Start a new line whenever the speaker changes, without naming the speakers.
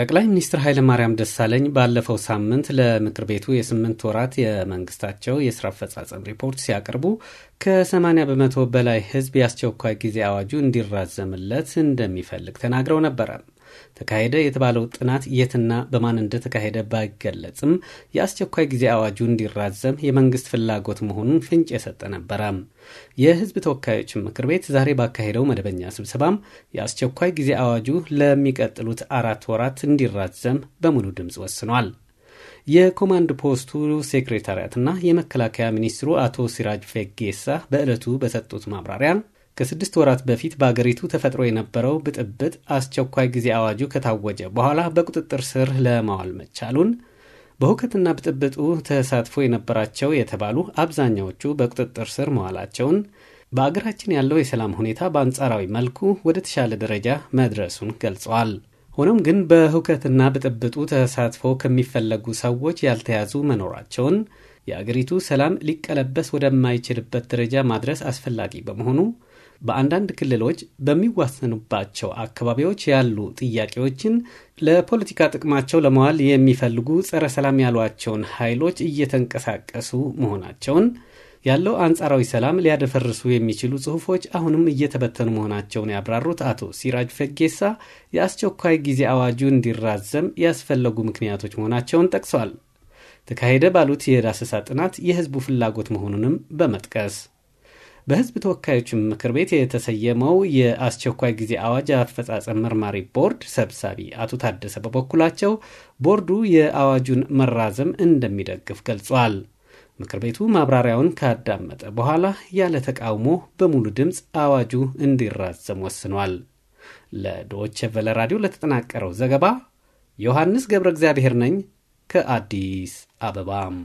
ጠቅላይ ሚኒስትር ኃይለማርያም ደሳለኝ ባለፈው ሳምንት ለምክር ቤቱ የስምንት ወራት የመንግስታቸው የስራ አፈጻጸም ሪፖርት ሲያቀርቡ ከ80 በመቶ በላይ ህዝብ የአስቸኳይ ጊዜ አዋጁ እንዲራዘምለት እንደሚፈልግ ተናግረው ነበረ። ተካሄደ የተባለው ጥናት የትና በማን እንደተካሄደ ባይገለጽም የአስቸኳይ ጊዜ አዋጁ እንዲራዘም የመንግስት ፍላጎት መሆኑን ፍንጭ የሰጠ ነበረ። የህዝብ ተወካዮች ምክር ቤት ዛሬ ባካሄደው መደበኛ ስብሰባም የአስቸኳይ ጊዜ አዋጁ ለሚቀጥሉት አራት ወራት እንዲራዘም በሙሉ ድምፅ ወስኗል። የኮማንድ ፖስቱ ሴክሬታሪያትና የመከላከያ ሚኒስትሩ አቶ ሲራጅ ፌጌሳ በዕለቱ በሰጡት ማብራሪያ ከስድስት ወራት በፊት በአገሪቱ ተፈጥሮ የነበረው ብጥብጥ አስቸኳይ ጊዜ አዋጁ ከታወጀ በኋላ በቁጥጥር ስር ለማዋል መቻሉን በሁከትና ብጥብጡ ተሳትፎ የነበራቸው የተባሉ አብዛኛዎቹ በቁጥጥር ስር መዋላቸውን በአገራችን ያለው የሰላም ሁኔታ በአንጻራዊ መልኩ ወደ ተሻለ ደረጃ መድረሱን ገልጸዋል። ሆኖም ግን በሁከትና ብጥብጡ ተሳትፎ ከሚፈለጉ ሰዎች ያልተያዙ መኖራቸውን የአገሪቱ ሰላም ሊቀለበስ ወደማይችልበት ደረጃ ማድረስ አስፈላጊ በመሆኑ በአንዳንድ ክልሎች በሚዋሰኑባቸው አካባቢዎች ያሉ ጥያቄዎችን ለፖለቲካ ጥቅማቸው ለመዋል የሚፈልጉ ጸረ ሰላም ያሏቸውን ኃይሎች እየተንቀሳቀሱ መሆናቸውን ያለው አንጻራዊ ሰላም ሊያደፈርሱ የሚችሉ ጽሁፎች አሁንም እየተበተኑ መሆናቸውን ያብራሩት አቶ ሲራጅ ፈጌሳ የአስቸኳይ ጊዜ አዋጁ እንዲራዘም ያስፈለጉ ምክንያቶች መሆናቸውን ጠቅሰዋል። ተካሄደ ባሉት የዳሰሳ ጥናት የህዝቡ ፍላጎት መሆኑንም በመጥቀስ በህዝብ ተወካዮች ምክር ቤት የተሰየመው የአስቸኳይ ጊዜ አዋጅ አፈጻጸም መርማሪ ቦርድ ሰብሳቢ አቶ ታደሰ በበኩላቸው ቦርዱ የአዋጁን መራዘም እንደሚደግፍ ገልጿል። ምክር ቤቱ ማብራሪያውን ካዳመጠ በኋላ ያለ ተቃውሞ በሙሉ ድምፅ አዋጁ እንዲራዘም ወስኗል። ለዶች ቨለ ራዲዮ ለተጠናቀረው ዘገባ ዮሐንስ ገብረ እግዚአብሔር ነኝ ከአዲስ አበባም